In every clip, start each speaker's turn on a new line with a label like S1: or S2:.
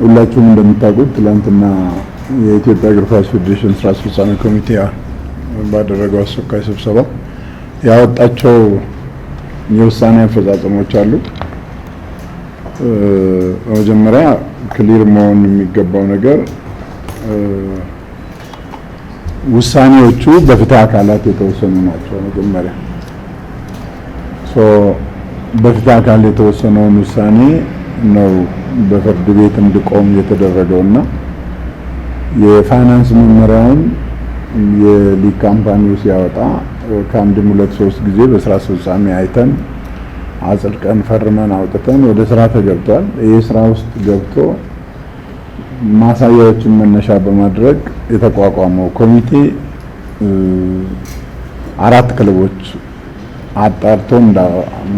S1: ሁላችሁም እንደምታውቁት ትላንትና የኢትዮጵያ እግር ኳስ ፌዴሬሽን ስራ አስፈጻሚ ኮሚቴ ባደረገው አስቸኳይ ስብሰባ ያወጣቸው የውሳኔ አፈጻጸሞች አሉ። በመጀመሪያ ክሊር መሆን የሚገባው ነገር ውሳኔዎቹ በፍትህ አካላት የተወሰኑ ናቸው። መጀመሪያ በፍትህ አካል የተወሰነውን ውሳኔ ነው በፍርድ ቤት እንድቆም የተደረገው እና የፋይናንስ መመሪያውን የሊግ ካምፓኒው ሲያወጣ ከአንድም ሁለት ሶስት ጊዜ በስራ አስፈጻሚ አይተን አጽድቀን ፈርመን አውጥተን ወደ ስራ ተገብቷል። ይህ ስራ ውስጥ ገብቶ ማሳያዎችን መነሻ በማድረግ የተቋቋመው ኮሚቴ አራት ክለቦች አጣርቶ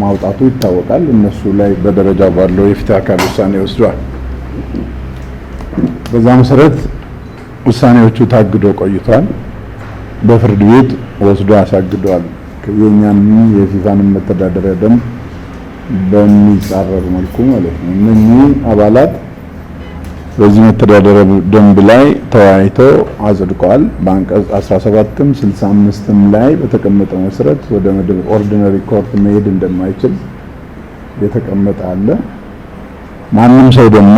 S1: ማውጣቱ ይታወቃል። እነሱ ላይ በደረጃ ባለው የፍትህ አካል ውሳኔ ወስዷል። በዛ መሰረት ውሳኔዎቹ ታግዶ ቆይቷል። በፍርድ ቤት ወስዶ አሳግደዋል። የእኛን የፊፋን መተዳደሪያ ደንብ በሚጻረር መልኩ ማለት ነው። እነኚህ አባላት በዚህ መተዳደሪያ ደንብ ላይ ተወያይቶ አጽድቋል። በአንቀጽ 17ም 65ም ላይ በተቀመጠው መሰረት ወደ መደብ ኦርዲነሪ ኮርት መሄድ እንደማይችል የተቀመጠ አለ። ማንም ሰው ደግሞ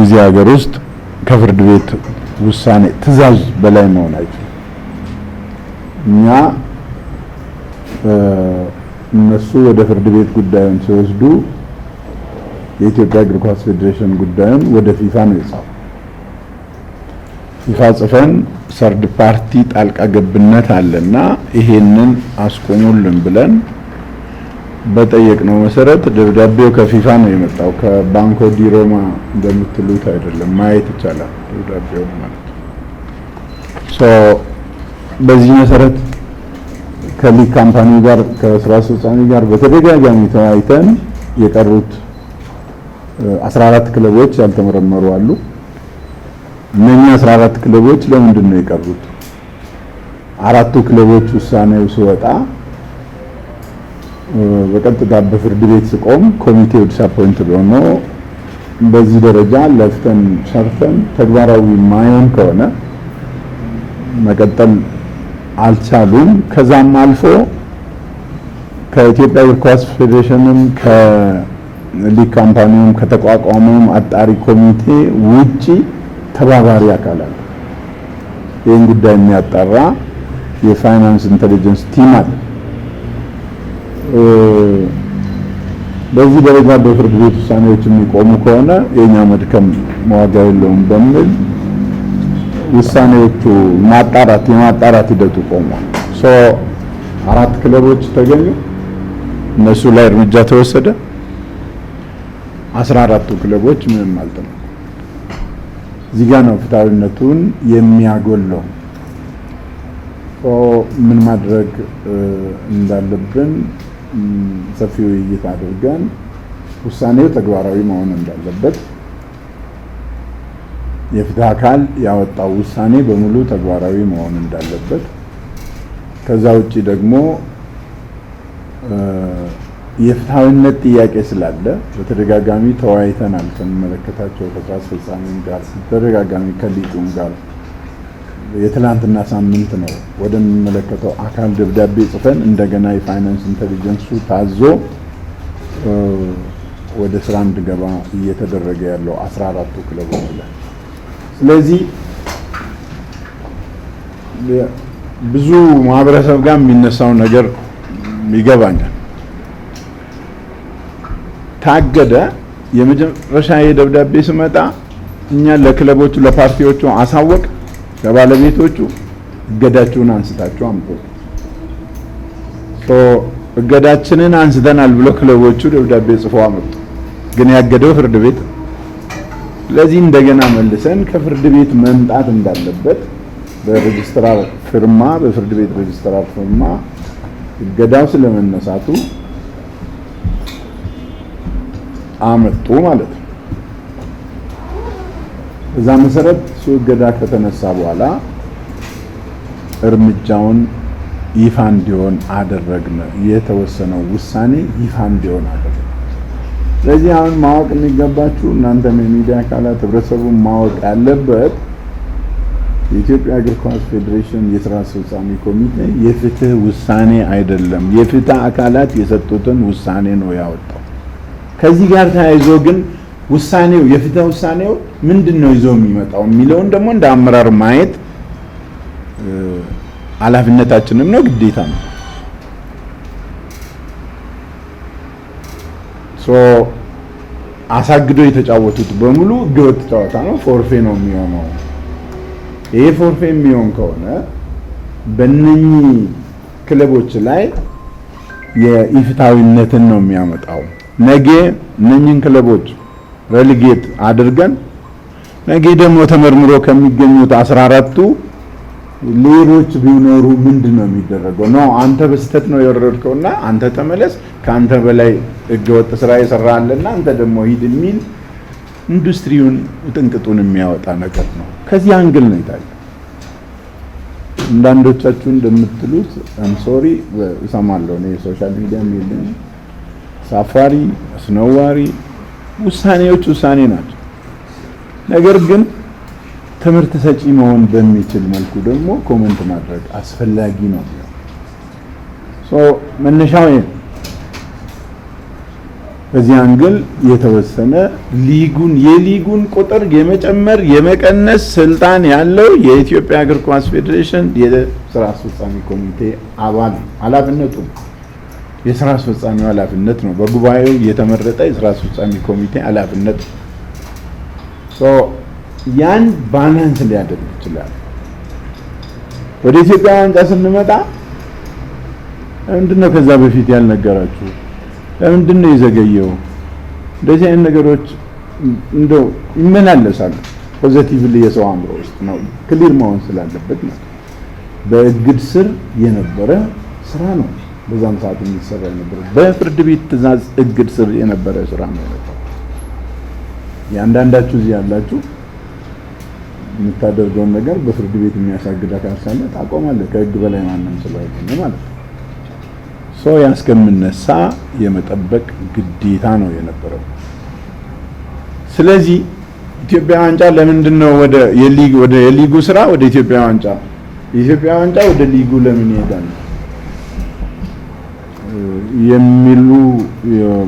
S1: እዚህ ሀገር ውስጥ ከፍርድ ቤት ውሳኔ ትዕዛዝ በላይ መሆን አይችልም። እኛ እነሱ ወደ ፍርድ ቤት ጉዳዩን ሲወስዱ የኢትዮጵያ እግር ኳስ ፌዴሬሽን ጉዳዩን ወደ ፊፋ ነው የጻፈው። ፊፋ ጽፈን ሰርድ ፓርቲ ጣልቃ ገብነት አለና ይሄንን አስቆሙልን ብለን በጠየቅነው መሰረት ደብዳቤው ከፊፋ ነው የመጣው። ከባንኮ ዲ ሮማ እንደምትሉት አይደለም። ማየት ይቻላል ደብዳቤው ማለት ሶ በዚህ መሰረት ከሊግ ካምፓኒ ጋር ከስራ አስፈጻሚ ጋር በተደጋጋሚ ተወያይተን የቀሩት 14 ክለቦች ያልተመረመሩ አሉ። እነኛ 14 ክለቦች ለምንድን ነው የቀሩት? አራቱ ክለቦች ውሳኔው ሲወጣ በቀጥታ በፍርድ ቤት ሲቆም ኮሚቴው ዲስአፖይንት ሆኖ በዚህ ደረጃ ለፍተን ሰርተን ተግባራዊ ማየን ከሆነ መቀጠል አልቻሉም። ከዛም አልፎ ከኢትዮጵያ እግር ኳስ ፌዴሬሽንም ሊግ ካምፓኒውም ከተቋቋመውም አጣሪ ኮሚቴ ውጪ ተባባሪ አካል አለ። ይህን ጉዳይ የሚያጣራ የፋይናንስ ኢንቴሊጀንስ ቲም አለ። በዚህ ደረጃ በፍርድ ቤት ውሳኔዎች የሚቆሙ ከሆነ የኛ መድከም መዋጋ የለውም በሚል ውሳኔዎቹ ማጣራት የማጣራት ሂደቱ ቆሟል። አራት ክለቦች ተገኙ፣ እነሱ ላይ እርምጃ ተወሰደ። አስራ አራቱ ክለቦች ምንም አልጠመቁ። እዚህ ጋ ነው ፍትሐዊነቱን የሚያጎለው። ምን ማድረግ እንዳለብን ሰፊ ውይይት አድርገን ውሳኔው ተግባራዊ መሆን እንዳለበት የፍትህ አካል ያወጣው ውሳኔ በሙሉ ተግባራዊ መሆን እንዳለበት ከዛ ውጭ ደግሞ የፍትሐዊነት ጥያቄ ስላለ በተደጋጋሚ ተወያይተናል። ከሚመለከታቸው ከስራ አስፈጻሚም ጋር በተደጋጋሚ ከሊቁም ጋር የትላንትና ሳምንት ነው ወደሚመለከተው አካል ደብዳቤ ጽፈን እንደገና የፋይናንስ ኢንቴሊጀንሱ ታዞ ወደ ስራ እንድገባ እየተደረገ ያለው አስራ አራቱ ክለቦች ላይ ስለዚህ ብዙ ማህበረሰብ ጋር የሚነሳው ነገር ይገባኛል። ታገደ። የመጨረሻ የደብዳቤ ስመጣ እኛን ለክለቦቹ ለፓርቲዎቹ አሳወቅ ለባለቤቶቹ እገዳችሁን አንስታችሁ አምጡ። እገዳችንን አንስተናል ብሎ ክለቦቹ ደብዳቤ ጽፎ አመጡ። ግን ያገደው ፍርድ ቤት። ስለዚህ እንደገና መልሰን ከፍርድ ቤት መምጣት እንዳለበት በሬጅስትራር ፍርማ በፍርድ ቤት ሬጅስትራር ፍርማ እገዳው ስለመነሳቱ አመጡ ማለት ነው። በዛ መሰረት ስውገዳ ከተነሳ በኋላ እርምጃውን ይፋ እንዲሆን አደረግነ። የተወሰነው ውሳኔ ይፋ እንዲሆን አደረግነ። ስለዚህ አሁን ማወቅ የሚገባችሁ እናንተም የሚዲያ አካላት ህብረተሰቡን ማወቅ ያለበት የኢትዮጵያ እግር ኳስ ፌዴሬሽን የስራ አስፈጻሚ ኮሚቴ የፍትህ ውሳኔ አይደለም። የፍትህ አካላት የሰጡትን ውሳኔ ነው ያወጣው። ከዚህ ጋር ተያይዞ ግን ውሳኔው የፍትህ ውሳኔው ምንድን ነው ይዞ የሚመጣው የሚለውን ደግሞ እንደ አመራር ማየት ኃላፊነታችንም ነው ግዴታ ነው። አሳግዶ የተጫወቱት በሙሉ ህገወጥ ጨዋታ ነው፣ ፎርፌ ነው የሚሆነው። ይሄ ፎርፌ የሚሆን ከሆነ በእነኚህ ክለቦች ላይ የኢፍታዊነትን ነው የሚያመጣው። ነገ እነኝህን ክለቦች ረልጌት አድርገን ነገ ደግሞ ተመርምሮ ከሚገኙት አስራ አራቱ ሌሎች ቢኖሩ ምንድን ነው የሚደረገው? ነው አንተ በስተት ነው የወረድከውና አንተ ተመለስ፣ ከአንተ በላይ ህገወጥ ስራ የሰራ አለና አንተ ደግሞ ሂድ የሚል ኢንዱስትሪውን ውጥንቅጡን የሚያወጣ ነገር ነው። ከዚህ አንግል ነው የታየው። አንዳንዶቻችሁ እንደምትሉት አም ሶሪ እሰማለሁ። ሶሻል ሚዲያም የለኝም አሳፋሪ፣ አስነዋሪ ውሳኔዎች ውሳኔ ናቸው። ነገር ግን ትምህርት ሰጪ መሆን በሚችል መልኩ ደግሞ ኮመንት ማድረግ አስፈላጊ ነው። ሶ መነሻው በዚህ አንግል የተወሰነ ሊጉን የሊጉን ቁጥር የመጨመር የመቀነስ ስልጣን ያለው የኢትዮጵያ እግር ኳስ ፌዴሬሽን የስራ አስፈጻሚ ኮሚቴ አባል ኃላፊነቱ የስራ አስፈጻሚው ኃላፊነት ነው። በጉባኤው የተመረጠ የስራ አስፈጻሚ ኮሚቴ ኃላፊነት ያን ባላንስ ሊያደርግ ይችላል። ወደ ኢትዮጵያ ዋንጫ ስንመጣ ለምንድን ነው ከዛ በፊት ያልነገራችሁ? ለምንድን ነው የዘገየው? እንደዚህ አይነት ነገሮች እንደው ይመላለሳሉ። ፖዘቲቭሊ የሰው አእምሮ ውስጥ ነው ክሊር መሆን ስላለበት ነው። በእግድ ስር የነበረ ስራ ነው። በዛም ሰዓት የሚሰራ የነበረ በፍርድ ቤት ትዕዛዝ እግድ ስር የነበረ ስራ ነው የነበረ። የአንዳንዳችሁ እዚህ ያላችሁ የምታደርገውን ነገር በፍርድ ቤት የሚያሳግድ አካል ካለ ታቆማለህ። ከህግ በላይ ማንም ስለሆነ ማለት ነው። ሰው ያ እስከምነሳ የመጠበቅ ግዴታ ነው የነበረው። ስለዚህ ኢትዮጵያ ዋንጫ ለምንድን ነው ወደ የሊጉ ስራ ወደ ኢትዮጵያ ዋንጫ የኢትዮጵያ ዋንጫ ወደ ሊጉ ለምን ይሄዳል? የሚሉ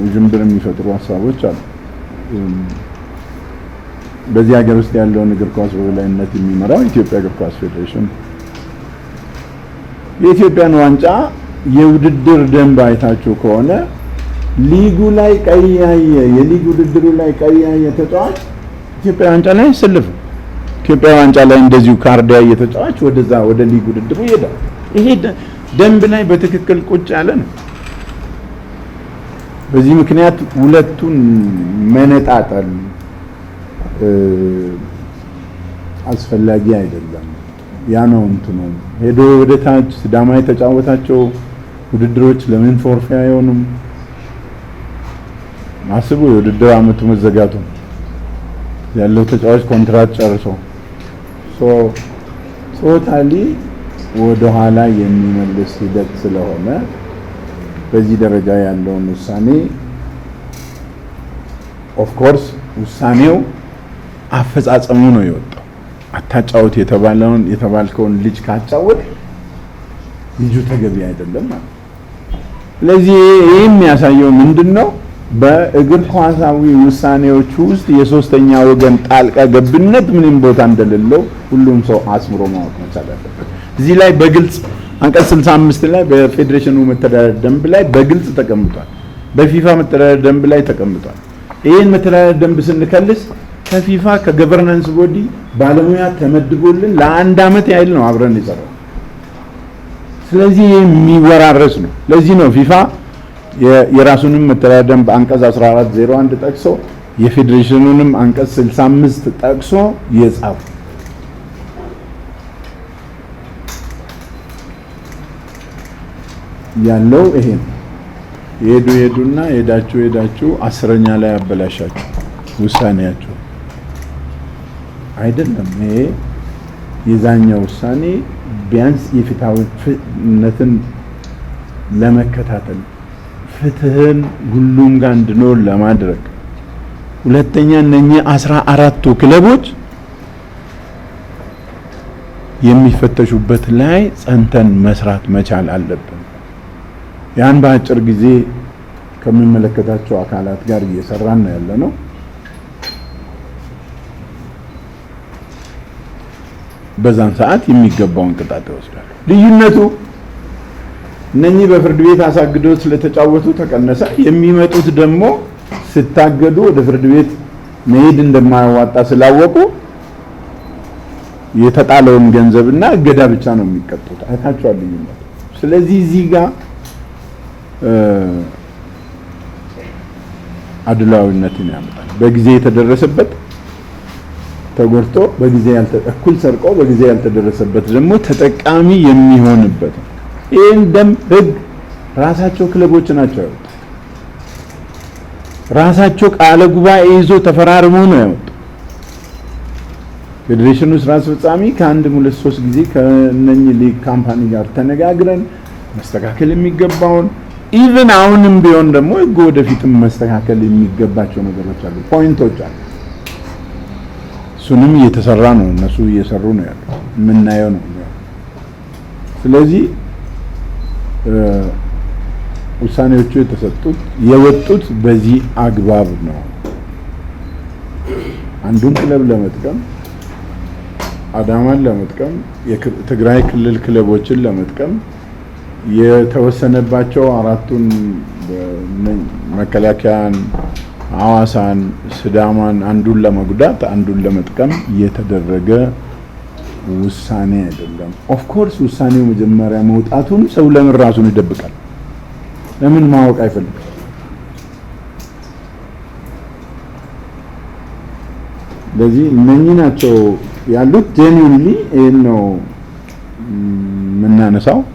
S1: ውዥንብር የሚፈጥሩ ሀሳቦች አሉ። በዚህ ሀገር ውስጥ ያለውን እግር ኳስ በበላይነት የሚመራው የኢትዮጵያ እግር ኳስ ፌዴሬሽን የኢትዮጵያን ዋንጫ የውድድር ደንብ አይታችሁ ከሆነ ሊጉ ላይ ቀያየ የሊግ ውድድሩ ላይ ቀያየ ተጫዋች ኢትዮጵያ ዋንጫ ላይ ስልፍ ኢትዮጵያ ዋንጫ ላይ እንደዚሁ ካርድ ያየ ተጫዋች ወደዛ ወደ ሊግ ውድድሩ ይሄዳል። ይሄ ደንብ ላይ በትክክል ቁጭ ያለ ነው። በዚህ ምክንያት ሁለቱን መነጣጠል አስፈላጊ አይደለም። ያ ነው እንትኑ ሄዶ ወደ ታች ሲዳማ የተጫወታቸው ውድድሮች ለምን ፎርፌ አይሆኑም? አስቡ። የውድድር አመቱ መዘጋቱ ያለው ተጫዋች ኮንትራት ጨርሶ ሶ ቶታሊ ወደኋላ የሚመልስ ሂደት ስለሆነ በዚህ ደረጃ ያለውን ውሳኔ ኦፍኮርስ ውሳኔው አፈጻጸሙ ነው የወጣው። አታጫወት የተባለውን የተባልከውን ልጅ ካጫወት ልጁ ተገቢ አይደለም ማለት። ስለዚህ ይህ የሚያሳየው ምንድን ነው? በእግር ኳሳዊ ውሳኔዎች ውስጥ የሶስተኛ ወገን ጣልቃ ገብነት ምንም ቦታ እንደሌለው ሁሉም ሰው አስምሮ ማወቅ መቻል አለበት። እዚህ ላይ በግልጽ አንቀጽ 65 ላይ በፌዴሬሽኑ መተዳደር ደንብ ላይ በግልጽ ተቀምጧል። በፊፋ መተዳደር ደንብ ላይ ተቀምጧል። ይህን መተዳደር ደንብ ስንከልስ ከፊፋ ከገቨርናንስ ቦዲ ባለሙያ ተመድቦልን ለአንድ አመት ያህል ነው አብረን የሰራው። ስለዚህ የሚወራረስ ነው። ለዚህ ነው ፊፋ የራሱንም መተዳደር ደንብ አንቀጽ 1401 ጠቅሶ የፌዴሬሽኑንም አንቀጽ 65 ጠቅሶ የጻፈው። ያለው ይሄ ነው። የሄዱ የሄዱና ሄዳችሁ ሄዳችሁ አስረኛ ላይ አበላሻችሁ ውሳኔያችሁ አይደለም። ይሄ የዛኛው ውሳኔ ቢያንስ የፍትሐዊነትን ለመከታተል ፍትህን ሁሉም ጋር እንድኖ ለማድረግ ሁለተኛ እነኚህ አስራ አራቱ ክለቦች የሚፈተሹበት ላይ ጸንተን መስራት መቻል አለብን። ያን በአጭር ጊዜ ከሚመለከታቸው አካላት ጋር እየሰራን ነው ያለ ነው። በዛን ሰዓት የሚገባውን ቅጣት ይወስዳሉ። ልዩነቱ እነኚህ በፍርድ ቤት አሳግደው ስለተጫወቱ ተቀነሰ። የሚመጡት ደግሞ ስታገዱ ወደ ፍርድ ቤት መሄድ እንደማያዋጣ ስላወቁ የተጣለውን ገንዘብና እገዳ ብቻ ነው የሚቀጡት። አይታችኋል ልዩነቱ። ስለዚህ እዚህ ጋር አድላዊነትን ያመጣል። በጊዜ የተደረሰበት ተጎድቶ በጊዜ እኩል ሰርቆ በጊዜ ያልተደረሰበት ደግሞ ተጠቃሚ የሚሆንበት ይህን ደንብ ህግ ራሳቸው ክለቦች ናቸው ያወጡት። ራሳቸው ቃለ ጉባኤ ይዞ ተፈራርሞ ነው ፌዴሬሽኑ ስራ አስፈጻሚ ከአንድ ሁለት ሶስት ጊዜ ከነኚህ ሊግ ካምፓኒ ጋር ተነጋግረን መስተካከል የሚገባውን ኢቭን አሁንም ቢሆን ደግሞ ህግ ወደፊትም መስተካከል የሚገባቸው ነገሮች አሉ፣ ፖይንቶች አሉ። እሱንም እየተሰራ ነው፣ እነሱ እየሰሩ ነው ያለው፣ የምናየው ነው። ስለዚህ ውሳኔዎቹ የተሰጡት የወጡት በዚህ አግባብ ነው። አንዱን ክለብ ለመጥቀም አዳማን ለመጥቀም የትግራይ ክልል ክለቦችን ለመጥቀም የተወሰነባቸው አራቱን መከላከያን፣ ሐዋሳን፣ ስዳማን አንዱን ለመጉዳት አንዱን ለመጥቀም እየተደረገ ውሳኔ አይደለም። ኦፍ ኮርስ ውሳኔው መጀመሪያ መውጣቱን ሰው ለምን ራሱን ይደብቃል? ለምን ማወቅ አይፈልግም? ስለዚህ እነኚህ ናቸው ያሉት። ጄኒውንሊ ይህን ነው የምናነሳው።